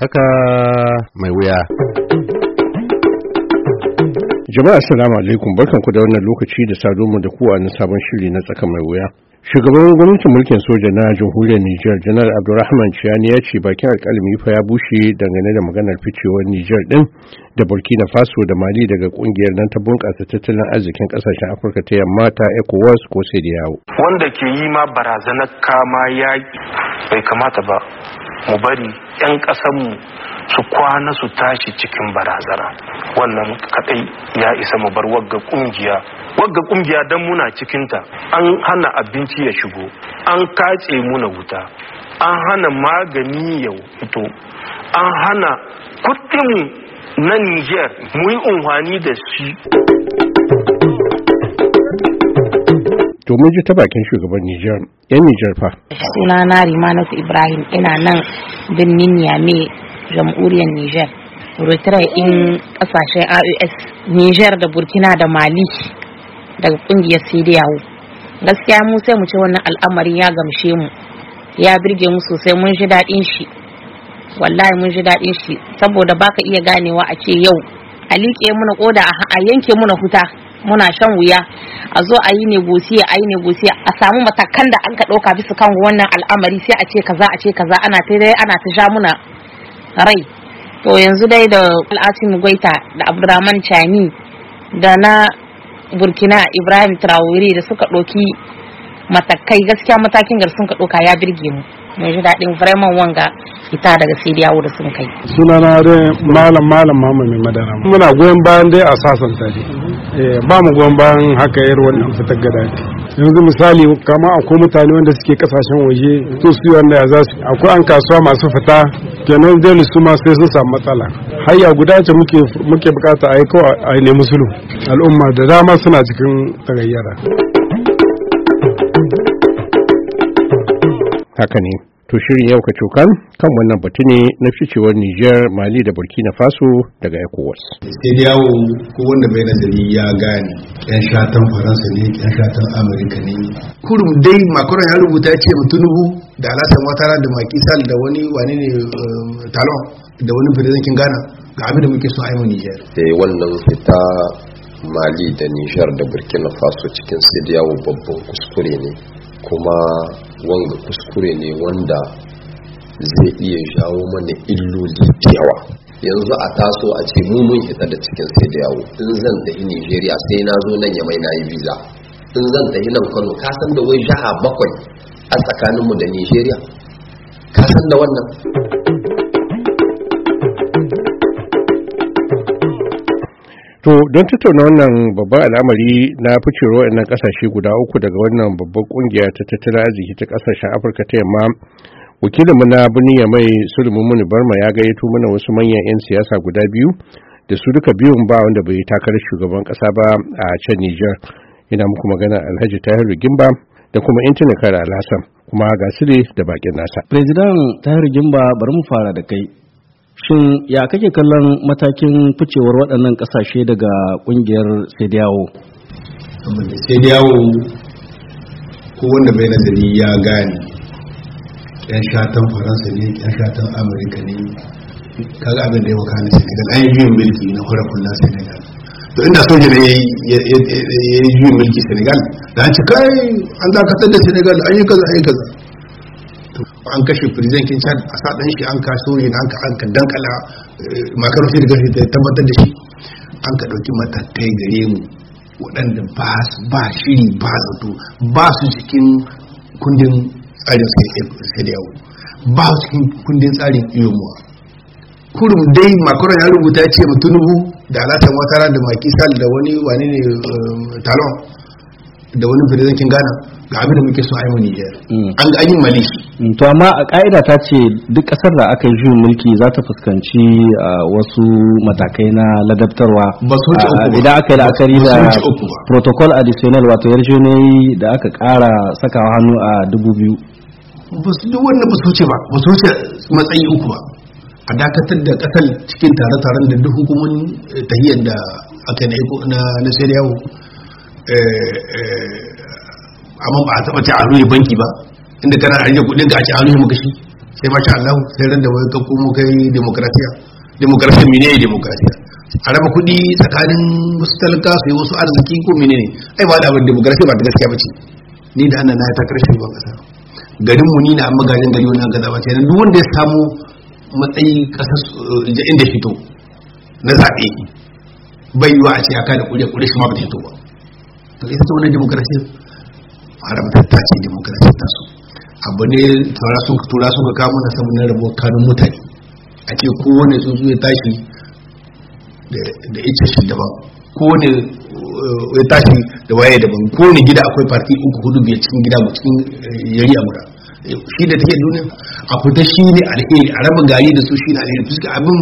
Saka mai wuya. Jama'a assalamu alaikum barkanku da wannan lokaci da sado mu da ku a sabon shiri na tsaka mai wuya. Shugaban gwamnatin mulkin soja na jamhuriyar Nijar Janar Abdulrahman Chiani ya ce bakin alkalmi fa ya bushe dangane da maganar ficewar Nijar din da Burkina Faso da Mali daga kungiyar nan ta bunƙasa tattalin arzikin ƙasashen Afirka ta yamma ta ECOWAS ko sai da yawo. Wanda ke yi ma barazanar kama yaƙi bai kamata ba mu bari 'yan ƙasanmu su kwana su tashi cikin barazara wannan kaɗai ya isa mu bar wagga ƙungiya wagga kungiya don muna cikinta an hana abinci ya shigo an katse muna wuta an hana magani ya fito an hana kudin na niger mu yi unhwani da shi to mun ji ta bakin shugaban Nijar yan Nijar fa suna na Rimanatu Ibrahim ina nan birnin Niamey jamhuriyar Nijar Rotra in kasashen IOS Nijar da Burkina da Mali daga kungiyar CDAO gaskiya mu sai mu ce wannan al'amarin ya gamshe mu ya birge mu sosai mun ji daɗin shi wallahi mun ji daɗin shi saboda baka iya ganewa a ce yau a liƙe muna koda a yanke muna huta muna shan wuya a zo a yi negosiya a yi negosiya a samu matakan da an ka ɗauka bisa kan wannan al'amari sai a ce kaza a ce kaza ana ta dai ana ta sha muna rai to yanzu dai da al'asim gwaita da abdurrahman chani da na burkina ibrahim traore da suka ɗauki matakai gaskiya matakin gar sun ka ɗauka ya birge mu mun ji daɗin vraiment wanga ita daga sai da sun kai sunana dai malam malam mama madara muna goyon bayan dai a sasanta dai Eh, ba mu gwan bayan haka yar wannan fitar gada yanzu misali kama akwai mutane wanda suke kasashen waje to su wanda ya za su akwai an kasuwa masu fita kenan dole su ma sai sun samu matsala hayya guda ce muke muke bukata a yi kawai a nemi al'umma da dama suna cikin tagayyara haka ne to shirin yau ka cokan kan wannan batu ne na ficewar Nijar Mali da Burkina Faso daga ECOWAS. Sai da yawo ko wanda bai ya gane yan shatan Faransa ne yan shatan Amurka ne. Kurum dai Macron ya rubuta ya ce mutunubu da Alasan Watara da Makisal da wani wani ne eh, Talon da wani firizinkin gana ga abin da muke so a yi eh, wannan fita Mali da Nijar da Burkina Faso cikin sai yawo babban kuskure ne. kuma wanga kuskure ne wanda zai iya shawo mana illoli yawa yanzu a taso a ce mu mun hita da cikin sai da yawo in zan tafi Nigeria sai na zo nan ya mai na yi visa in zan tafi nan Kano ka san da wai jaha bakwai a tsakaninmu da Nigeria ka san da wannan To don tattauna wannan babban al'amari na ficewa waɗannan kasashe guda uku daga wannan babban kungiya ta tattalin arziki ta kasashen Afirka ta yamma wakilinmu na birnin mai sulmin muni barma ya gayyato mana wasu manyan 'yan siyasa guda biyu da su duka biyun ba wanda bai takarar shugaban ƙasa ba a can Nijar. Ina muku magana Alhaji Tahir Gimba da kuma intanet kara alhassan kuma ga da bakin nasa. President Tahir Gimba bari mu fara da kai Shin ya kake kallon matakin ficewar waɗannan ƙasashe daga ƙungiyar Sediyawo? Sediyawo ko wanda bai nazari ya gane ƴan shatan Faransa ne, ƴan shatan Amurka ne, kaga abin da ya wakana Senegal, an yi juyin mulki na fara kula Senegal. To inda soja ne ya yi juyin mulki Senegal, da an ci kai an dakatar da Senegal an yi kaza an yi kaza. an kashe firizan kin chad a sadan shi an kaso yin an ka an ka dankala eh, makarfi da daga ta tabbatar da shi an ka dauki matakai gare mu waɗanda ba shiri ba zato ba su cikin kundin tsarin sai da yawo ba su cikin kundin tsarin iyomuwa kurum dai makaron ya rubuta ce mutunubu da alatan wata da makisal da wani wani ne eh, talon da wani firizancin gana ga abin da muke so a yi wani jiyar mm. an ga ayin mali mm, to amma a ka'ida ta ce duk kasar da aka yi juyin mulki za ta fuskanci wasu matakai na ladabtarwa Ba su uku idan aka yi la'akari da protocol additional wato yarjejeniyoyi da aka kara sakawa hannu a dubu biyu duk wannan ba su wuce ba ba su wuce matsayi uku ba a dakatar da kasar cikin tare-taren da duk hukumomin eh, tahiyar da aka yi na na sai da yawo Eh, eh, amma ba a taba ta a banki ba inda kana ajiye kudin ka a ci a ruhe maka shi sai sha Allah sai ran da wai ka komo kai demokrasiya demokrasiya mine ne demokrasiya a raba kuɗi tsakanin wasu talaka su yi wasu arziki ko mine ne ai ba da abin demokrasiya ba ta gaskiya ba ce ni da ana na ta karshe ban kasa garin mu ni na amma garin gari wannan gaza ba ce nan duk wanda ya samu matsayi kasar eh, inda fito na zaɓe bai yiwa a ce aka da kure kure shi ma ba ta fito ba to ita wannan demokrasiya ta ce demokrasiya ta su abu ne tura sun ka tura sun ka kama na samun na rabo kanun mutane a ce kowane sun zuwa tashi da ita shi daban kowane eh, ya tashi da waye daban kowane gida akwai parti uku hudu biyar cikin gida mu cikin eh, yari a mura eh, shi da take duniya a fita shi ne alheri a rabin gari da su shi ne alheri fuska abin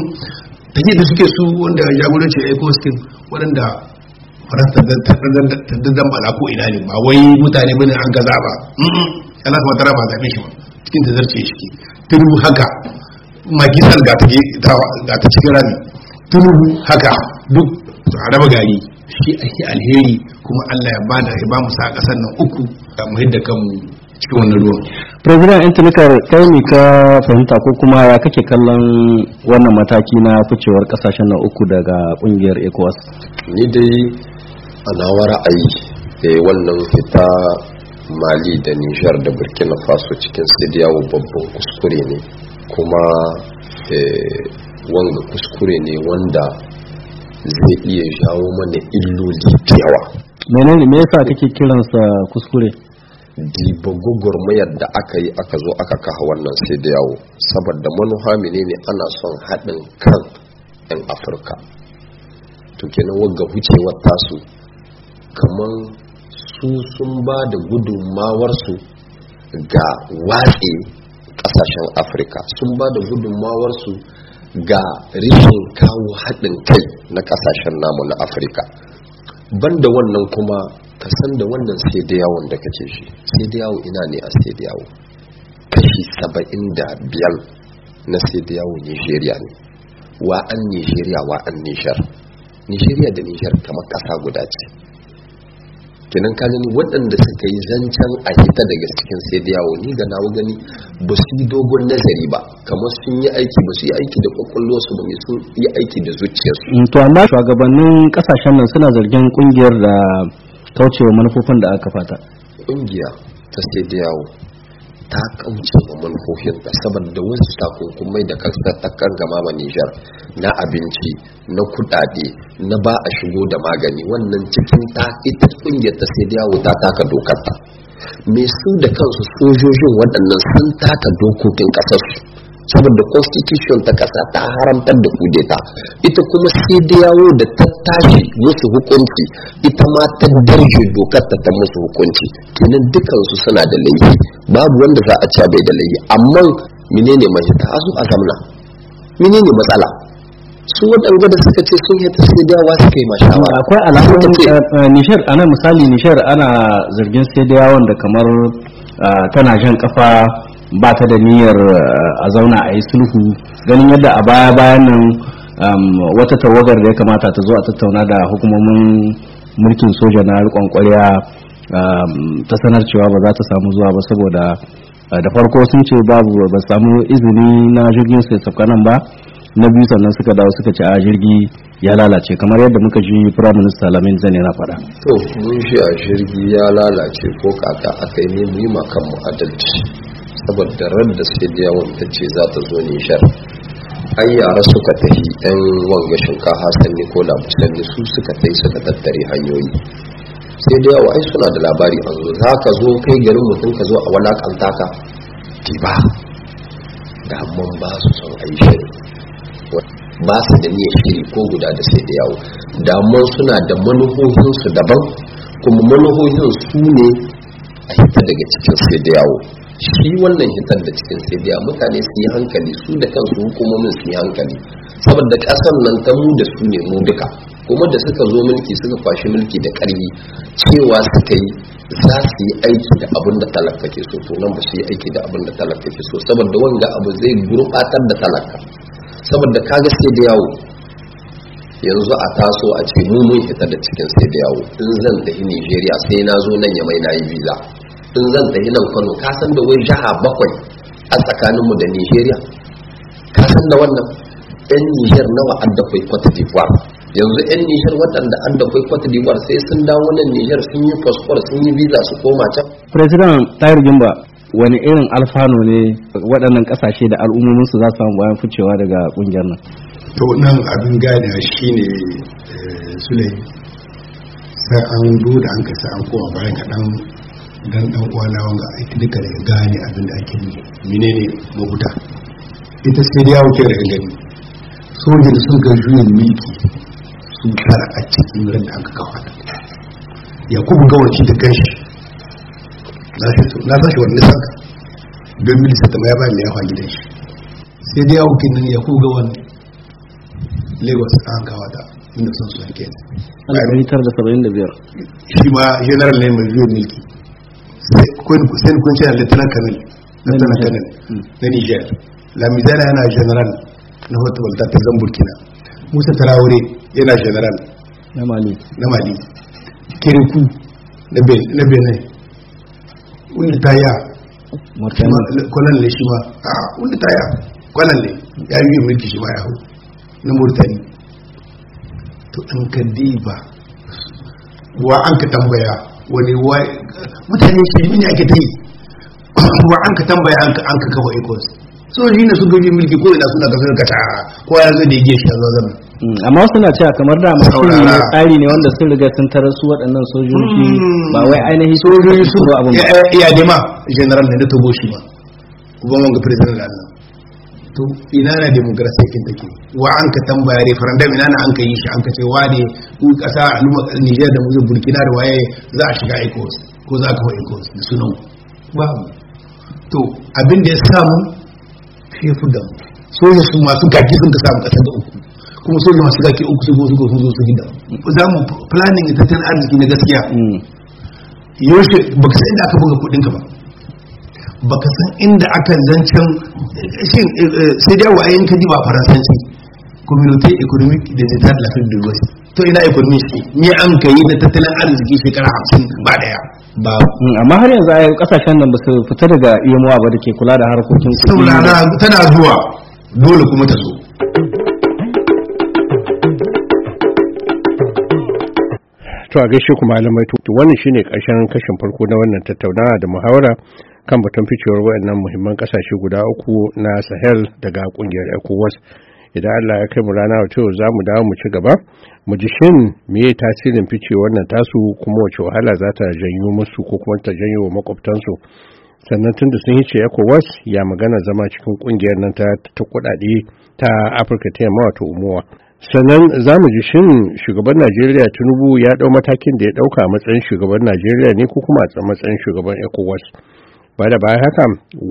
take da suke su wanda jagoranci ya aiko suke waɗanda faransa ta dandan bala ko ina ne ba wai mutane bane an gaza ba yana kuma tara ba zaɓe shi ba cikin da zarce shi tunubu haka magisal ga ta cikin rami tunubu haka duk a raba gari shi ake alheri kuma allah ya bada ya ba mu sa ƙasar nan uku ga mu hidda kanmu cikin wannan ruwan president intanikar kai ne ka fahimta ko kuma ya kake kallon wannan mataki na ficewar kasashen na uku daga ƙungiyar ecowas ni dai a nawa ra'ayi da eh, wannan fita mali da nijar da burkina faso cikin wa babban kuskure ne kuma eh, wanga kuskure ne wanda zai iya jawo mana illoli da yawa menene me yasa kake kiransa kuskure diba gugurmayar da aka yi aka zo aka kaha wannan sai da yawo saboda manuha menene ana son haɗin kan 'yan afirka to kenan wagga wucewar tasu kamar su sun ba da gudunmawarsu ga watse kasashen afirka sun ba da gudunmawarsu ga rikin kawo haɗin kai na kasashen namu na afirka banda wannan kuma ka san da wannan sai da yawon da kace shi sai da yawo ina ne a sai da yawo kashi saba'in da biyar na sai da yawo nigeria ne wa an nigeria wa an nishar nigeria da nishar kamar ƙasa guda ce kenan ka gani waɗanda suka yi zancen a hita daga cikin sai da yawo ni ga nawa gani ba su yi dogon nazari ba kamar sun yi aiki ba su yi aiki da kwakwalwarsu ba ne sun yi aiki da zuciyarsu. Mm, to amma shugabannin kasashen nan suna zargin kungiyar da kaucewa manufofin da aka fata. kungiya ta sai da yawo ta kauce wa manufofin ta saboda wasu takunkumai da kasar ta gama ma Nijar na abinci na kudade na ba a shigo da magani wannan cikin ta ita kungiyar ta sai dawo ta taka dokar ta me su da kansu sojojin waɗannan sun taka dokokin kasar su saboda constitution ta kasa ta haramtar da kudeta ita kuma sai da yawo da ta tashi musu hukunci ita ma ta darje dokar ta ta musu hukunci kenan dukansu suna da laifi babu wanda za a ci bai da laifi amma menene mai ta zo a zamna menene matsala su waɗanda da suka ce sun yata yawa suka yi mashawara akwai alamun eh, eh, nishar ana misali nishar ana zargin yawon da kamar eh, tana jan kafa ba ta da niyyar eh, a zauna a yi sulhu ganin yadda a baya bayan nan um, wata tawagar da ya kamata ta zo a tattauna da hukumomin mulkin soja na rikon kwarya um, ta sanar cewa ba za ta samu zuwa ba saboda eh, da farko sun ce babu ba samu izini na jirgin su sauka ba na biyu sannan suka dawo suka ci a jirgi ya lalace kamar yadda muka ji prime minister lamin zane na faɗa. to mun shi a jirgi ya lalace ko kaka aka yi ne mu yi makan mu adalci saboda ran da suke wanda ce za ta zo nishar ai yara suka tafi yan wanga shinkafa sanni ko labusanni su suka taisa suka tattare hanyoyi sai da yawa ai suna da labari an zo za ka zo kai garin mutum ka zo a walakanta ka ki ba da amman ba su son ai shiri ba su da niyyar shiri ko guda da sai da yawo suna da manuhohinsu daban kuma manuhohin su ne a hita daga cikin sai da yawo shi wannan hitar da cikin sai mutane su yi hankali su da kansu hukumomin su yi hankali saboda kasar nan ta mu da su ne mu duka kuma da suka zo mulki suka kwashi mulki da karfi cewa suka yi za su yi aiki da abin da talaka ke so to nan ba su yi aiki da abin da talaka ke so saboda wanga abu zai gurɓatar da talaka saboda kaga sai da yawo yanzu a taso a ce mu mun hita da cikin sai da yawo in zan tafi Nigeria sai na zo nan ya mai na yi visa in zan tafi nan kano ka san da wai jiha bakwai a tsakaninmu da nigeria ka san da wannan yan Nijar nawa an da kwai kwata d'ivoire yanzu yan Nijar waɗanda an da kwai kwata d'ivoire sai sun dawo nan Nijar sun yi fasfor sun yi visa su koma can president tayar jimba wani irin alfano ne waɗannan ƙasashe da su za su samu bayan ficewa daga ƙungiyar nan to nan abin gane ne eh, sulai sai an duda an kasa an kowa bayan kaɗan dan dan uwana wanga ita duka da gane abin da ake yi menene mafuta ita sai dai yawo da gani sojin sun ga juyin miki sun tara a cikin ran da aka kawo yakubu wani da kanshi na sashi wani sa don milisa ta ya bayan da ya gidan shi sai dai yawo kinan yakubu wani lagos an kawo ta inda sun Ana da 1975 shi ma general ne mai juyin milki kun kusan kun ce lieutenant colonel lieutenant colonel mm. na Niger Lamizana yana general na hoto ta zan Burkina Musa Tarawore yana general na Mali na Mali Kiriku na Benin wanda ta ya kwanan ne shi ma a ah, wanda ta ya kwanan ne ya yi yi mulki shi ma ya hau na murtani to an ka diba wa an ka tambaya wani mutane shirmi ne ake ta yi kuma an ka tambaya an ka kawo ecos sojoji ne sun gaji mulki ko ina suna ka kata ko ya zai da ya shi zuwa zama amma suna cewa kamar da masuri ne tsari ne wanda sun riga sun tarar su waɗannan sojoji ba wai ainihin sojoji su ba abin ba iya dai ma general ne da togo shi ba kuma wanga president da Allah to ina na demokrasiya kin take wa an ka tambaya referendum ina na an ka yi shi an ka ce wa ne ku kasa al'umma kasar Nijar da muzo Burkina da waye za a shiga ECOWAS ko za ka wa ECOWAS da sunan babu to abin da ya samu fu da mu soja su masu gaki sun ka samu kasar da uku kuma soja masu gaki uku su go su zo su gida za mu planning tattalin arziki na gaskiya hmm. yaushe baka sai da aka buga kudin ka ba baka san inda aka zancen shin eh, eh, sai dai wa ka ji ba faransanci community economic identity la fin du west to ina economy shi ni an kai da tattalin arziki shekara 50 ba daya ba mm, amma har yanzu ai kasashen nan ba su fita daga iyamuwa e ba da ke kula da harkokin kuɗi saboda tana zuwa dole kuma ta zo to a gaishe kuma malamai to wannan shine karshen kashin farko na wannan tattaunawa da muhawara kan batun ficewar waɗannan muhimman ƙasashe guda uku na sahel daga ƙungiyar ecowas idan allah ya kai mu rana wato za mu dawo mu ci gaba mu ji shin meye tasirin ficewar nan tasu kuma wace wahala za ta janyo musu ko kuma ta janyo wa makwabtansu sannan da sun yi ce ecowas ya magana zama cikin ƙungiyar nan ta kuɗaɗe ta afirka ta yamma wato umuwa sannan za mu ji shin shugaban najeriya tinubu ya ɗau matakin da ya ɗauka a matsayin shugaban najeriya ne ko kuma a matsayin shugaban ecowas Ba da baya haka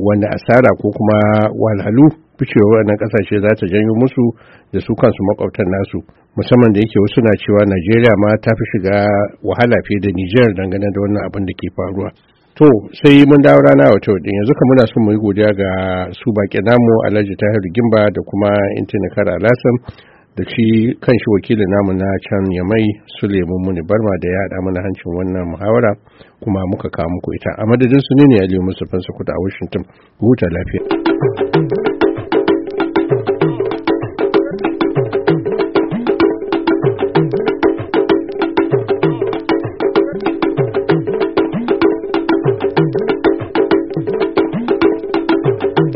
wani asara ko kuma walhalu ficewar wannan kasashe za ta janyo musu da su kansu makwabtan nasu musamman da yake wasu na cewa najeriya ma ta fi shiga wahala fiye da nijar dangane da wannan abin da ke faruwa to sai mun dawo rana a wata wadin yanzu muna son mu yi godiya ga su baƙi namu alhaji tahiru gimba da kuma kara lasan da shi kan shi wakilin namu na can ya mai lemun Muni Barma da ya haɗa mana hancin wannan muhawara kuma muka kawo muku ita a madadin su ne ne musu fansa Sokoto a Washington huta lafiya